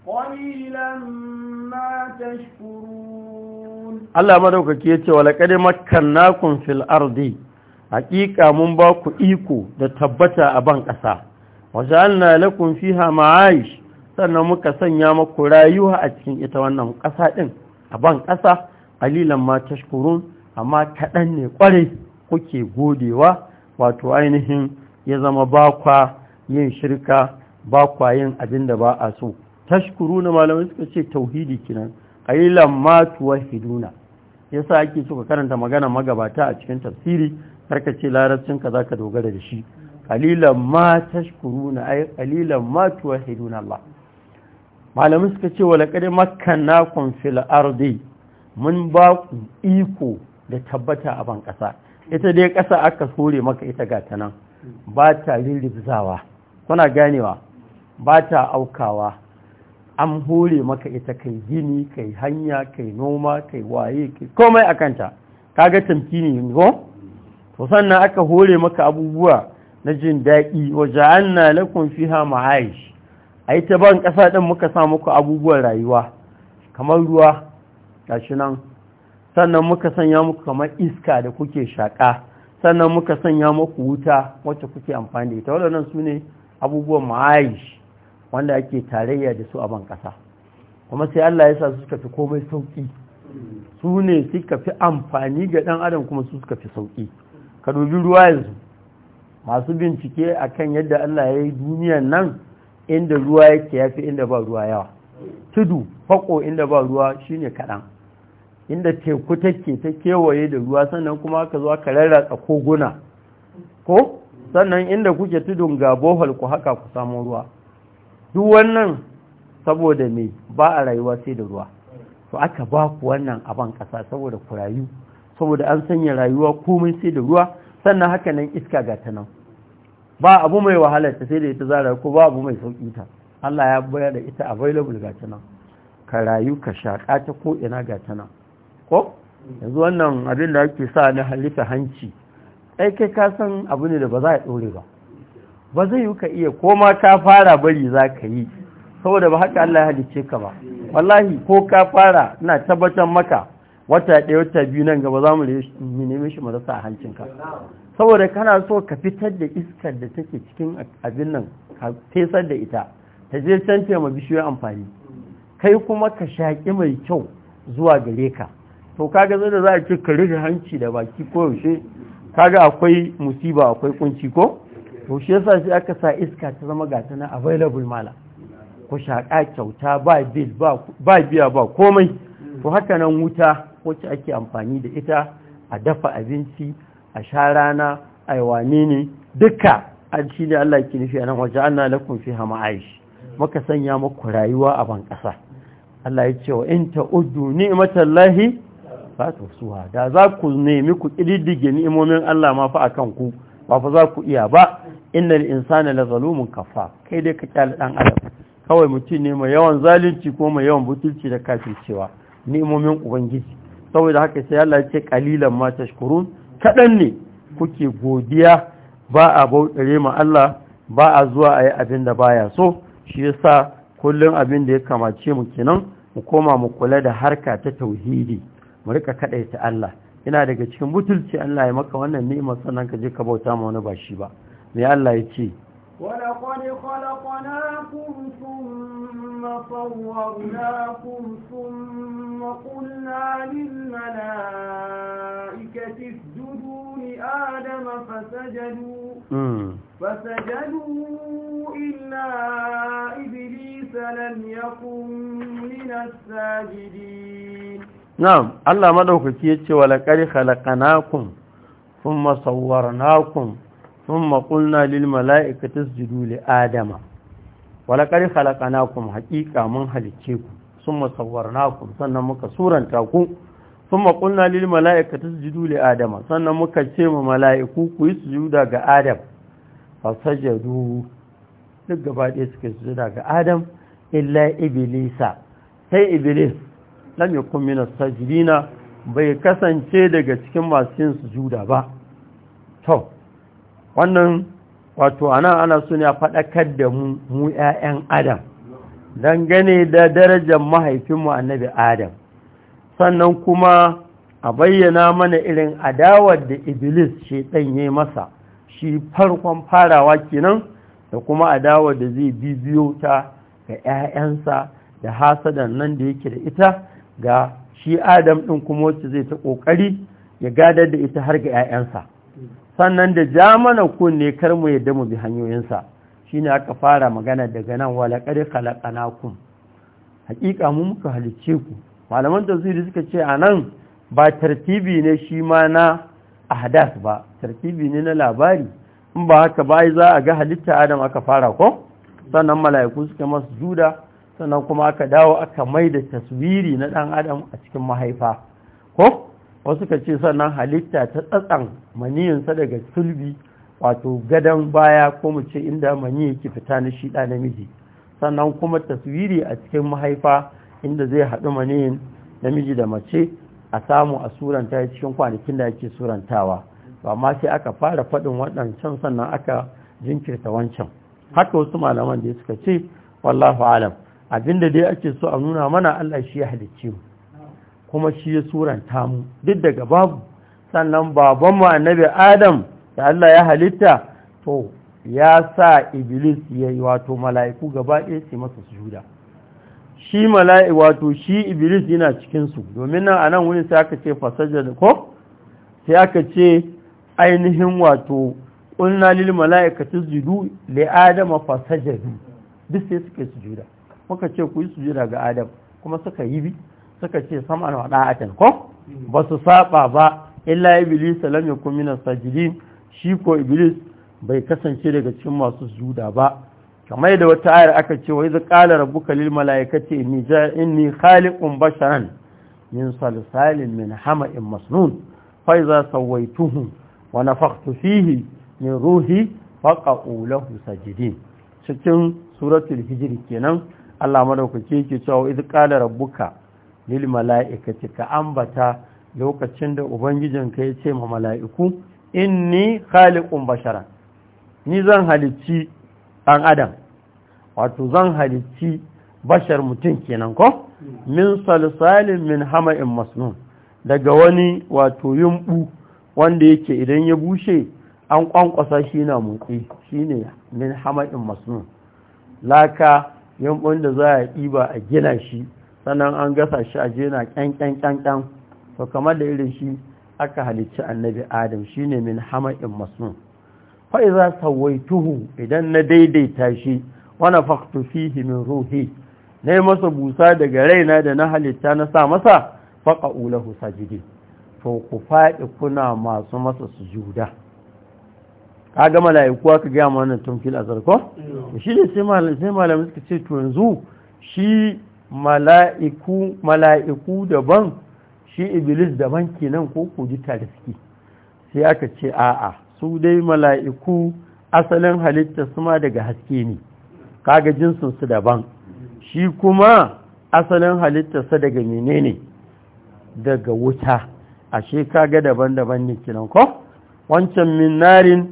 kodi hmm. lamma ta shukuru Allah ma madaukaki ya ce wadda kodi kun kunfi al'adu Hakika mun ba ku iko da tabbata a ban ƙasa wajen alna lakun fiha ma'aish sannan muka sanya maku rayuwa a cikin ita wannan ƙasa ɗin a ban ƙasa alilan ma tashkurun amma kaɗan ne ƙwarai kuke godewa wato ainihin ya zama bakwa yin shirka bakwa yin abin da ba a so tashkuru na malamai suka ce tauhidi kinan alilan ma tuwahiduna yasa ake ka karanta magana magabata a cikin tafsiri karka ce larabcin ka zaka dogara da shi qalilan ma tashkuruna ay qalilan ma tuwahiduna Allah malamin suka ce wa na kun fil ardi mun ba ku iko da tabbata a ban ƙasa. ita dai ƙasa aka sore maka ita ga ta nan ba ta rirribzawa kuna ganewa ba ta aukawa an hore maka ita kai gini kai hanya kai noma kai waye kai komai a kanta kaga tamkini ne ko sannan aka hore maka abubuwa na jin daɗi wa ja'anna lakum fiha ma'aish yi ta ban ƙasa ɗin muka sa muku abubuwan rayuwa kamar ruwa gashi nan sannan muka sanya muku kamar iska da kuke shaƙa sannan muka sanya muku wuta wacce kuke amfani da ita waɗannan su ne abubuwan ma'aish wanda ake tarayya da su a ban ƙasa kuma sai Allah ya sa su suka fi komai sauƙi su ne suka fi amfani ga ɗan adam kuma su suka fi sauƙi ka dubi ruwa yanzu masu bincike akan yadda Allah ya yi duniyan nan inda ruwa yake ya fi inda ba ruwa yawa tudu fako inda ba ruwa shine kaɗan inda teku take ta kewaye da ruwa sannan kuma aka zo aka rarratsa koguna ko sannan inda kuke tudun ga bohol ku haka ku samu ruwa duk wannan saboda me ba a rayuwa sai da ruwa to aka ba ku wannan abin ƙasa saboda ku rayu saboda an sanya rayuwa komai sai da ruwa sannan haka nan iska ga ta nan ba abu mai wahala ta sai da ita zara ko ba abu mai sauki ta Allah ya bayar da ita available ga ta nan ka rayu ka shaƙa ta ko ina ga ta nan ko yanzu wannan abin da ake sa na halitta hanci ai kai ka san abu ne da ba za a dore ba ba zai yi ka iya koma ka fara bari za ka yi saboda ba haka Allah ya halicce ka ba wallahi ko ka fara ina tabbatar maka wata ɗaya wata biyu nan gaba za mu neme shi marasa a hancinka saboda kana so ka fitar da iskar da take cikin abin nan ka fesar da ita ta je can ma bishiyoyi amfani kai kuma ka shaƙi mai kyau zuwa gare ka to kaga zai da za a ce ka rufe hanci da baki ko yaushe kaga akwai musiba akwai kunci ko to shi yasa sai aka sa iska ta zama gata na available mala ku shaƙa kyauta ba bill ba biya ba komai to haka nan wuta wacce ake amfani da ita a dafa abinci a sha rana a wa ne duka an shi ne Allah ke nufi a nan waje ana lakun fi hama aishi maka sanya maku rayuwa a ban ƙasa Allah ya ce wa in udu ni'matan lahi ba ta suwa da za ku nemi ku ƙididdige ni'imomin Allah ma fa kan ku ba fa za ku iya ba innal insana la zalumun kafa kai dai ka kyale dan adam kawai mutum ne mai yawan zalunci ko mai yawan butulci da kafircewa ni'imomin ubangiji saboda haka sai Allah ya ce kalilan ma tashkurun kadan ne kuke godiya ba a bautsare ma Allah ba a zuwa ayi abin da baya so shi yasa kullum abin da ya kamace mu kenan mu koma mu kula da harka ta tauhidi mu rika kadaita Allah ina daga cikin butulci Allah ya maka wannan ni'imar sannan ka je ka bauta ma wani ba shi ba me Allah ya ce ولقد خلقناكم ثم صورناكم ثم قلنا للملائكة اسجدوا لآدم فسجدوا فسجدوا إلا إبليس لم يكن من الساجدين نعم الله مدوكك يتشي ولقد خلقناكم ثم صورناكم ثم قلنا للملائكة اسجدوا لآدم ولقد خلقناكم حقيقة من هلكيكم ثم صورناكم سنة مكة سورة تاكم ثم قلنا للملائكة اسجدوا لآدم سنة مكة سيم ملائكو يسجدوا لغا آدم فسجدوا لغا بعد يسجدوا لغا آدم إلا إبليس هي إبليس لم يكن من الساجدين bai kasance daga cikin masu yin sujuda ba. To, wannan wato ana ana so ne a faɗakar da mu 'ya'yan adam dangane da darajar mahaifinmu annabi adam sannan kuma a bayyana mana irin adawar da iblis shi ɗanye masa shi farkon farawa kenan da kuma adawar da zai bibiyo ta ga 'ya'yansa da hasadan nan da yake da ita ga shi adam ɗin kuma wacce zai ta ƙoƙari ya gadar da ita har ga 'ya'yansa sannan da ja mana kunne kar mu yadda mu bi hanyoyinsa shine aka fara magana daga nan wala qad khalaqnakum haƙiƙa mu muka halicce ku malaman tafsiri suka ce nan ba tartibi ne shi ma na ahdas ba tartibi ne na labari in ba haka bai za a ga halitta adam aka fara ko sannan mala'iku suka masu juda sannan kuma aka dawo aka mai da taswiri na ɗan adam a cikin mahaifa ko wasu ka ce sannan halitta ta tsatsan maniyinsa daga sulbi wato gadon baya ko mu ce inda mani yake fita na shi na namiji sannan kuma taswiri a cikin mahaifa inda zai haɗu maniyin namiji da mace a samu a suranta cikin kwanakin da ake surantawa amma sai aka fara faɗin waɗancan sannan aka jinkirta wancan haka wasu malaman da suka ce wallahu alam abinda dai ake so a nuna mana Allah shi ya halicce mu kuma shi ya suranta mu duk daga babu sannan babanmu mu annabi adam da Allah ya halitta to ya sa iblis ya yi wato mala'iku gaba ɗaya su masa sujuda shi mala'i wato shi iblis yana cikinsu domin nan a nan wuni sai aka ce fasajar da ko sai aka ce ainihin wato ƙunna lil mala'ikatu zudu li adama fasajadu duk sai suka yi sujuda muka ce ku yi sujuda ga adam kuma suka yi bi suka ce sam'an a can ko ba su saba ba illa iblis lam yakun min as-sajidin shi ko iblis bai kasance daga cikin masu zuda ba kamar da wata ayar aka ce wa iza qala rabbuka lil malaikati inni ja'inni khaliqun basharan min salsalin min hama'in masnun fa iza sawaituhu wa nafakhtu fihi min ruhi faqa'u lahu sajidin cikin suratul hijr kenan Allah madaukake yake cewa iza qala rabbuka lil mala'ikati ka ambata lokacin da ubangijinka ya ce ma mala'iku inni khaliqun bashara ni zan halicci ɗan adam wato zan halicci bashar mutum kenan ko min salsalin min hama'in masnun daga wani wato yumbu wanda yake idan ya bushe an kwankwasa shi na mutsi shine min hama'in masnun laka yumbun da za a ba a gina shi sannan an gasa shi a jena ƙyanƙyanƙyanƙyan to kamar da irin shi aka halicci annabi adam shi ne min hama'in masu fa'i za tuhu idan na daidaita shi wani faktu fihi min ruhi na yi masa busa daga raina da na halitta na sa masa faƙa ulahu sajidi to ku faɗi kuna masu masa su juda ka ga mala'iku ka gaya mana tun fil a ko mm. shi ne sai malamai suka ce to yanzu shi mala'iku mala'iku daban shi iblis daban kenan ko ku ji tariski sai aka ce a'a su dai mala'iku asalin halitta suma daga haske ne kaga su daban shi kuma asalin halitta halittarsa daga menene daga wuta ashe kaga daban-daban ne kenan ko wancan min narin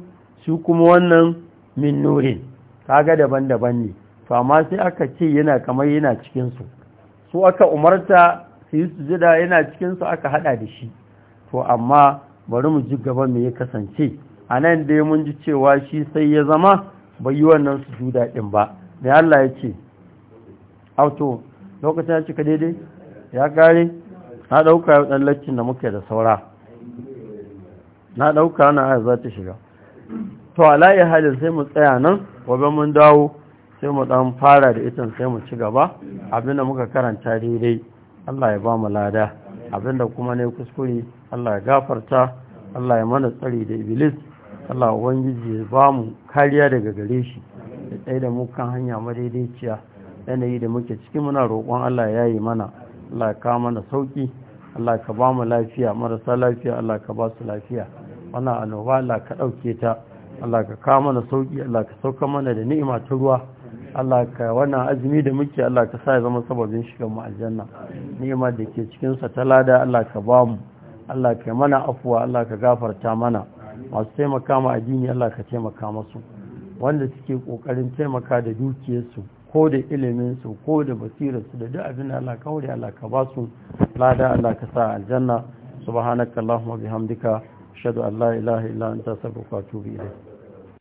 shi kuma wannan min nurin kaga daban-daban ne to amma sai aka ce yana kamar yana cikinsu su aka umarta su yi sujada yana cikinsu aka hada da shi to amma bari mu ji gaba me ya kasance a nan dai mun ji cewa shi sai ya zama bai yi wannan sujuda din ba da Allah ya ce auto lokacin ya cika daidai ya kare na dauka yau laccin da muke da saura na dauka na aya za ta shiga to a halin sai mu tsaya nan gobe mun dawo sai mu dan fara da ita sai mu ci gaba abinda muka karanta daidai Allah ya ba mu lada abinda kuma ne kuskure Allah ya gafarta Allah ya mana tsari da iblis Allah ubangiji ya ba mu kariya daga gare shi da tsaye da mu kan hanya madaidaiciya yanayi da muke ciki muna roƙon Allah ya yi mana Allah ya kawo mana sauki Allah ka ba mu lafiya marasa lafiya Allah ka ba su lafiya wannan annoba Allah ka ɗauke ta Allah ka kawo mana sauki Allah ka sauka mana da ni'ima ta ruwa Allah ka wannan azumi da muke Allah ka sa ya zama sababin shiga mu aljanna nima da ke cikin sa ta lada Allah ka ba Allah ka mana afwa Allah ka gafarta mana masu taimaka ma addini Allah ka taimaka masu wanda suke kokarin taimaka da dukiyarsu ko da ilimin su ko da basirarsu da duk abin da Allah ka hore Allah ka ba su lada Allah ka sa aljanna subhanakallahumma bihamdika ashhadu an la ilaha illa anta astaghfiruka wa atubu ilayk